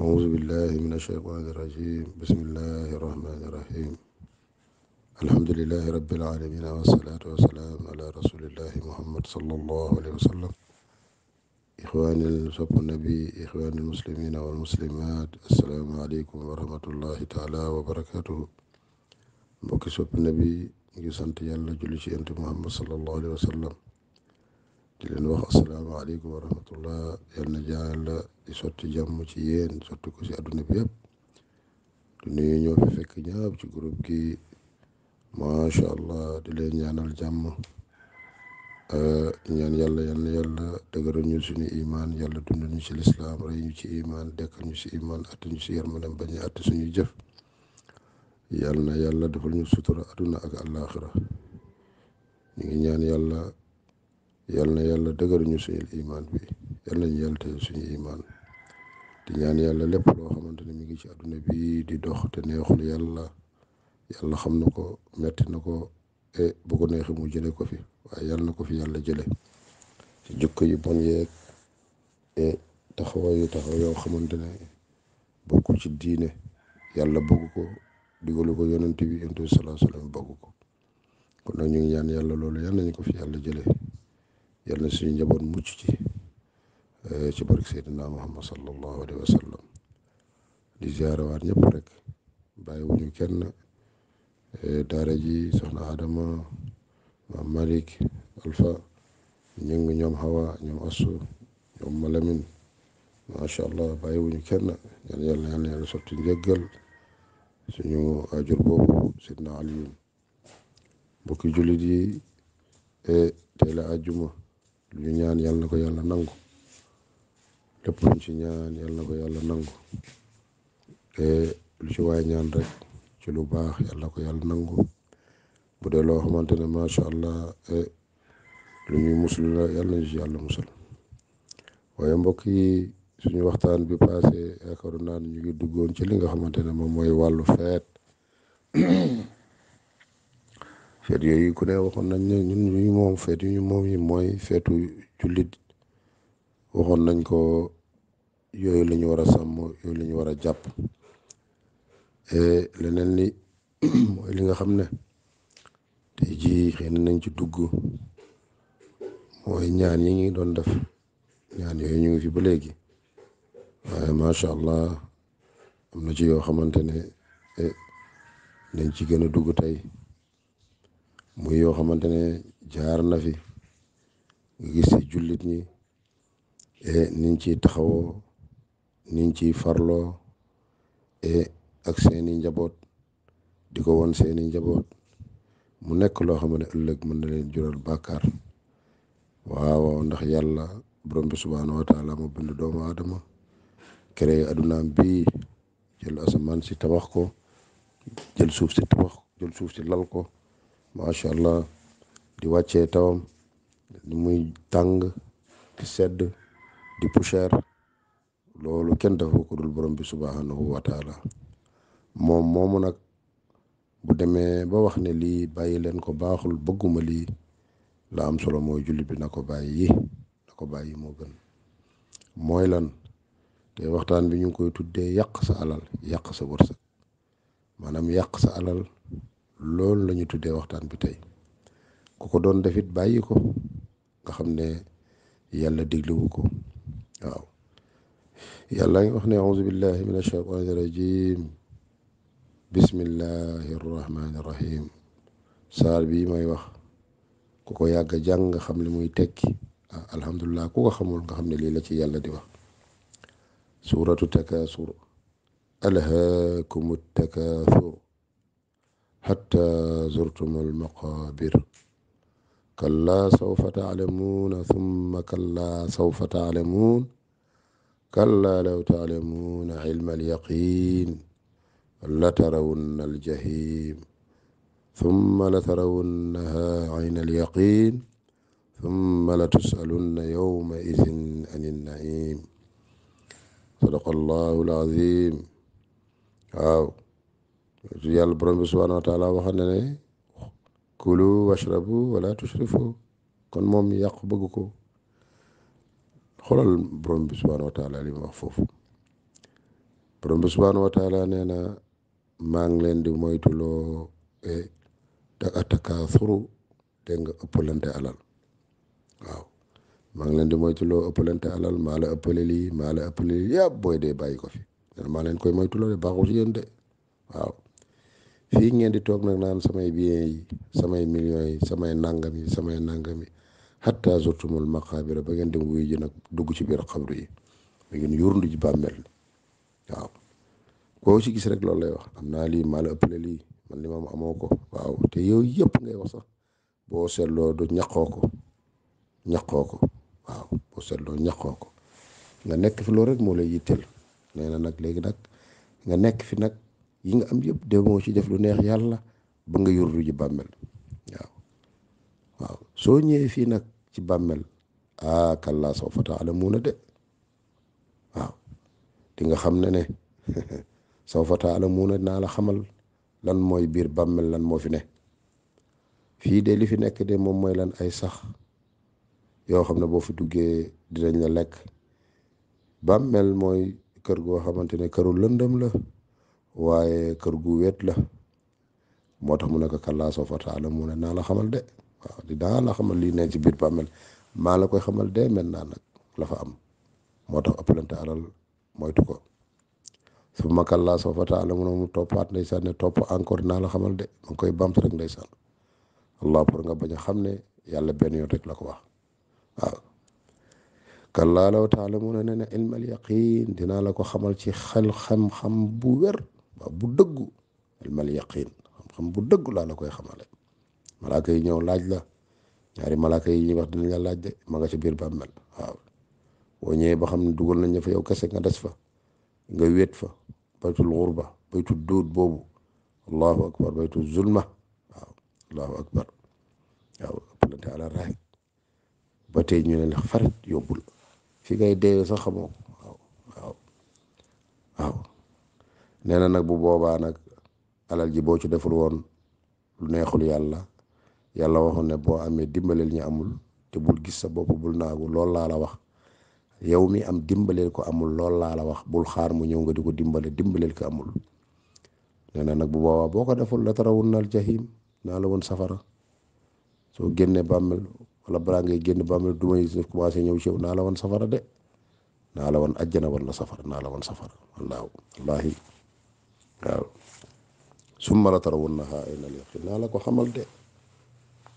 أعوذ بالله من الشيطان الرجيم بسم الله الرحمن الرحيم الحمد لله رب العالمين والصلاة والسلام على رسول الله محمد صلى الله عليه وسلم إخوان الصحب النبي إخوان المسلمين والمسلمات السلام عليكم ورحمة الله تعالى وبركاته mbokki sopp nabi ngi sant yàlla julli ci yonent Muhammad sallallahu alayhi wa sallam di leen wax asalaamaaleykum wa rahmatullah yal na yàlla di sotti jàmm ci yéen sotti ko ci adduna bi yëpp di ñoo fi fekk ñaab ci groupe gi macha allah di leen ñaanal jàmm euh, ñaan yàlla yal na yàlla dëgëral ñu suñu imaan yàlla dund ñu si lislaam rey ñu ci imaan dekk ñu ci imaan att ñu yal na yàlla defal ñu sutura adduna ak àllaaxira ñu ñaan yàlla. yal na yàlla dëgëruñu suñu imaan bi yal nañu yàlla teel ñaan yàlla lépp loo xamante ne mi ngi ci àdduna bi di dox te neexul yàlla yàlla xam na ko metti na ko e bu ko neexee mu jëlee ko fi waaye yal na ko fi yàlla jëlee ci jikko yu bon yeeg e taxawaay yu taxaw yoo xamante ne bokkul ci diine yàlla bëgg ko digalu ko yonent bi yonent bi sallallahu alayhi wa sallam bëgg kon nag ñu ngi ñaan yàlla loolu yal ñu ko fi yàlla jëlee. yal na suñu njaboot mucc ci eh, ci barke Seydina Muhammad sallallahu alayhi wa di ziarewaat ñëpp rek bàyyi wuñu kenn eh, daara ji soxna Adama maam Malick Alpha ñëng ñoom Hawa ñoom Assu ñoom Malamin macha allah wuñu kenn yàlla yàlla sotti njëggal suñu ajur boobu Seydina Aliyun mbokki jullit yi eh, tey ñu ñaan yàlla na ko yàlla nangu lépp luñ ci ñaan yàlla na ko yàlla nangu lu ci waay ñaan rek ci lu baax yàlla ko yàlla nangu bu dee loo xamante ne macha allah e, lu ñuy musul la yàlla ci yàlla musal waaye mbokk yi suñu waxtaan bi passé yaakaaroon naa ne ñu ngi duggoon ci li nga xamante ne moom mooy wàllu feet feet yooyu ku ne waxoon nañ ne ñun ñu moom feet yu ñu moom yi mooy feetu jullit waxoon nañ ko yooyu la ñu war a sàmm yooyu la ñu war a jàpp e leneen li mooy li nga xam ne tey jii nañ ci dugg mooy ñaan yi ngi doon def ñaan yooyu ñu ngi fi ba léegi waaye macha allah am na ci yoo xamante ne dañ e, ci gën a dugg tey muy yoo xamante ne jaar na fi nga gis ci jullit ñi et niñ ciy taxawoo niñ ciy farloo e ak seeni njaboot di ko won seeni njaboot mu nekk loo xam ne ëllëg mën na leen jural bàkkaar waaw ndax yàlla borom bi subhaanahu mu bind doomu aadama créé adunaam bii jël asamaan si tabax ko jël suuf si tabax jël suuf si lal ko macha allah di wàccee tawam di muy tàng di sedd di poussière loolu kenn dafa ko dul borom bi subhanahu wa taala moom moomu nag bu demee ba wax ne lii bàyyi leen ko baaxul bëgguma lii la am solo mooy jullit bi na ko bàyyi na ko bàyyi moo gën mooy lan te waxtaan bi ñu ngi koy tuddee yàq sa alal yàq sa wërsëg maanaam yàq sa alal loolu la ñu tuddee waxtaan bi tey ku ko doon defit bàyyi ko nga xam ne yàlla diglewu ko waaw yàlla ngi wax ne auzu billahi min ashaytani rajim bismillahi arrahmani irrahim bii may wax ku ko yàgg jàng nga xam ne muy tekki ah ku ko xamul nga xam ne lii ci yàlla di wax suuratu takasur alhaakumu takasur حتى زرتم المقابر كلا سوف تعلمون ثم كلا سوف تعلمون كلا لو تعلمون علم اليقين لترون الجحيم ثم لترونها عين اليقين ثم لتسألن يومئذ عن النعيم صدق الله العظيم waaw yàlla borom bi subhaanahu wa taala waxoon kulu washrabu wala tushrifu kon moom yàqu bëgg ko xoolal borom bi subhaanahu wa wax foofu borom bi subhaanahu wa taala nee na maa ngi leen di moytuloo te atakaasuru dégg nga ëppalante alal waaw maa ngi leen di moytuloo ëppalante alal maa la ëppale lii maa la ëppale booy dee bàyyi ko fi maa leen koy moytuloo de baaxul ci de waaw fii ngeen di toog nag naan samay biens yi samay millions yi samay nangam yi samay nangam yi hatta zurtumul maqaabira ba ngeen dem wuyu ji nag dugg ci biir xabru yi ba ngeen yurndu ji bàmmeel waaw koo ci gis rek loolu lay wax am naa lii maa la ëppale lii man li moom amoo ko waaw te yow yëpp ngay wax sax boo seetloo du ñaqoo ko ñaqoo ko waaw boo seetloo ko nga nekk fi loolu rek moo la yitteel nee na nag léegi nag nga nekk fi nag yi nga am yëpp demoo ci def lu neex yàlla ba nga yóru ji bàmmel waaw soo ñëwee fii nag ci bàmmel ah kallaa sawfa taalamuuna de waaw di nga xam ne ne soo sawfa taalamuuna naa la xamal lan mooy biir bàmmel lan moo fi ne fii de li fi nekk de moom mooy lan ay sax yoo xam ne boo fi duggee dinañ la lekk bammel mooy kër goo xamante ne këru lëndëm la waaye kër gu wet la moo tax mu ne ko kallaa sawfa ta'lamuun mu ne naa xamal de waaw xamal lii ne ci biir bàmmeel maa la koy xamal de maintenant nag la fa am moo tax ëppalante alal moytu ko su ma kallaa sawfa ta'lamuun mu toppaat ndeysaan ne topp encore naa la xamal de ma koy bamtu rek ndeysaan allah pour nga bañ a xam ne yàlla benn yoon rek la ko wax waaw. kallaa ne ne ilmal yaqiin dinaa la ko xamal ci xel xam-xam bu wér. xam bu dëggu ilmal yaqin xam-xam bu dëggu laa la koy xamale malaaka yi ñëw laaj la ñaari malaaka yi ñuy wax dinañ la laaj de ma nga ca biir bàmmeel waaw boo ñëwee ba xam ne dugal nañ la fa yow kese nga des fa nga wéet fa baytul xurba baytul duut boobu allahu akbar baytul zulma waaw allahu akbar waaw plante àla raay ba tey ñu ne la farat yóbbul fi ngay dee sax xamoo nee nag bu boobaa nag alal ji boo ci deful woon lu neexul yàlla yàlla waxoon ne boo amee dimbaleel ñu amul te bul gis sa bopp bul naagu lool laa la wax yow mi am dimbaleel ko amul lool laa la wax bul xaar mu ñëw nga di ko dimbale dimbaleel ko amul nee na nag bu boobaa boo ko deful la tarawun nal jahim naa la woon safara soo génnee bàmmeel wala balaa ngay génn bàmmeel du may commencé ñëw ci yow naa la woon safara de naa la woon ajjana wala safara naa la woon safara waaw summa la tarawunnaha aynal yaqin naa la ko xamal de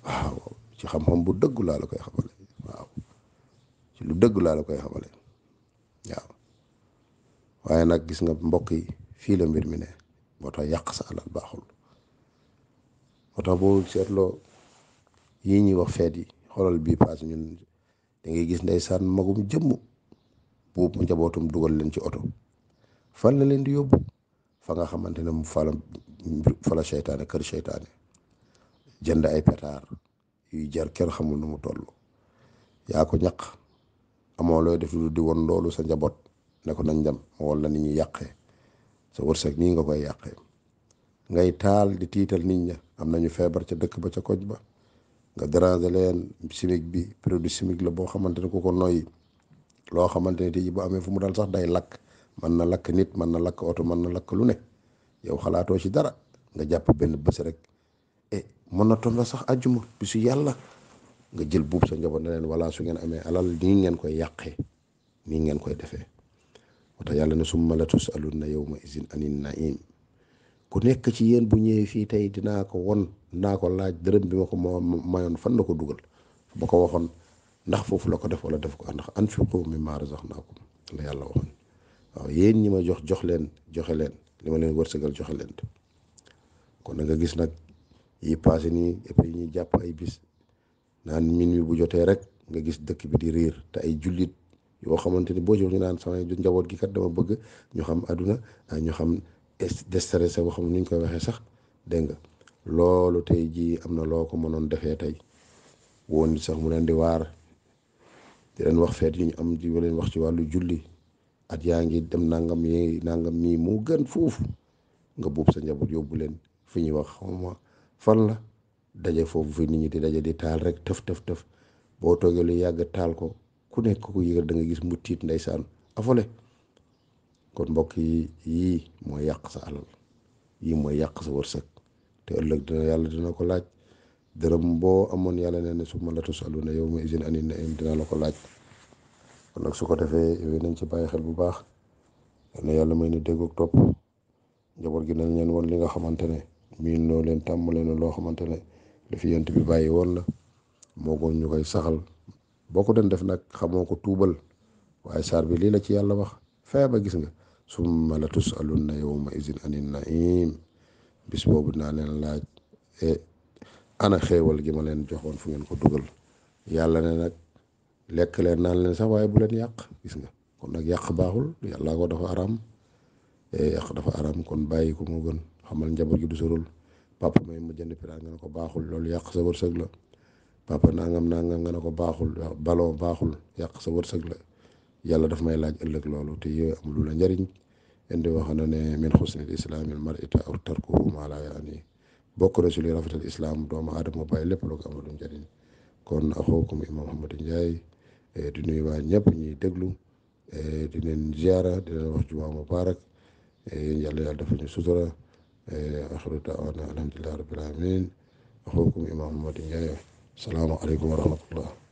waaw ci xam-xam bu dëgg laa la koy xamale waaw dëgg laa la koy xamale waaye nag gis nga mbokk yi fii la mbir mi ne moo tax yàq sa baaxul oto tax seetloo yii ñuy wax feet yi xoolal bii paas ñun da ngay gis ndeysaan magum jëmm buubu njabootum dugal leen ci oto fan la leen di yóbbu fa nga xamante ne mu fala fala seytaane kër seytaane jënd ay pétard yuy jar kenn xamul nu mu toll yaa ko ñaq amoo looy def lu di won loolu sa njaboot ne ko nañ dem wala ni ñuy yàqee sa wërsëg nii nga koy yàqee ngay taal di tiital nit ña am na ñu feebar ca dëkk ba ca koj ba nga déranger leen chimique bi produit chimique la boo xamante ne ku ko noyyi loo xamante ne tey boo amee fu mu dal sax day lakk mën na lakk nit mën na lakk oto mën na lakk lu yow xalaatoo ci dara nga jàpp benn bés rek e mën na tombe sax àjjuma bisu yàlla nga jël buub sa njaboot ne leen wala su ngeen amee alal nii ngeen koy yàqee nii ngeen koy defee wata yàlla na ne summa la tusalunna yawma izin anin naim ku nekk ci yéen bu ñëwee fii tey dinaa ko won dinaa ko laaj dërëm bi ma ko mayoon fan la ko dugal ba ko waxoon ndax foofu la ko def wala def ko ndax anfiqu mimma razaqnakum la yàlla waxoon waaw yéen ñi ma jox jox leen joxe leen li ma leen wërsëgal joxe leen kon na nga gis nag yi passé nii ëpp yi ñuy jàpp ay bis naan min mi bu jotee rek nga gis dëkk bi di riir te ay jullit yoo xamante ni boo jox ñu naan sama njaboot gi kat dama bëgg ñu xam àdduna ak ah, ñu xam déstressé boo xam nu ñu koy waxee sax dégg nga loolu te jii am na loo ko mënoon defee tey woon nit sax mu leen di waar di leen wax feet yi ñu am di leen wax ci wàllu julli at yaa ngi dem nangam yi nangam mii moo gën foofu nga buub sa njaboot yóbbu leen fi ñuy wax xawma fan la daje foofu fi nit ñi di daje di taal rek tëf tëf boo toogee lu yàgg taal ko ku nekk ku yëgal da nga gis mu tiit ndeysaan afole kon mbokk yi yii mooy yàq sa alal yii mooy yàq sa wërsëg te ëllëg dina yàlla dina ko laaj dërëm boo amoon yàlla nee na su ma la tusaluna yow ma isin anin na dinaa la ko laaj kon nag su ko defee yooyu nañ ci bàyyi xel bu baax yal na yàlla may nu dégg top topp njaboot gi nañ leen woon li nga xamante ne miin noo leen tàmm leen loo xamante ne li fi yent bi bàyyi woon la moo gën ñu koy saxal boo ko doon def nag xamoo ko tuubal waaye saar bi lii la ci yàlla wax fexe ba gis nga summa la tusalunna yawma izin anin naim bis boobu naa leen laaj eh, ana xéewal gi leen joxoon fu ngeen ko dugal yàlla ne nag lekk leen naan leen sax waaye bu leen yàq gis nga kon nag yàq baaxul yàllaa ko dafa araam e, yàq dafa araam kon bàyyi ko moo gën xamal njaboot gi du sorul papa may ma jënd piraan nga ko baaxul loolu yàq sa wërsëg la papa nangam nangam nga ne ko baaxul baloo baaxul yàq sa wërsëg la yàlla daf may laaj ëllëg loolu te yow am lu la njariñ indi wax na ne min xusnil islaamil mar'ita aw tarkuhu maa laa yaani bokk na si luy islaam doomu aadama baay lépp loo ko amal lu njariñ kon axookum imam Hamady Ndiaye Eh, di nuyu waa ñëpp ñuy déglu eh, di leen ziara di leen wax jumaa mubarak eh, yàlla yàlla dafa ñu sutura axiru daawaana alhamdulillahi rabbil alamin axukum imam Mody Ndiaye salaamu aleykum wa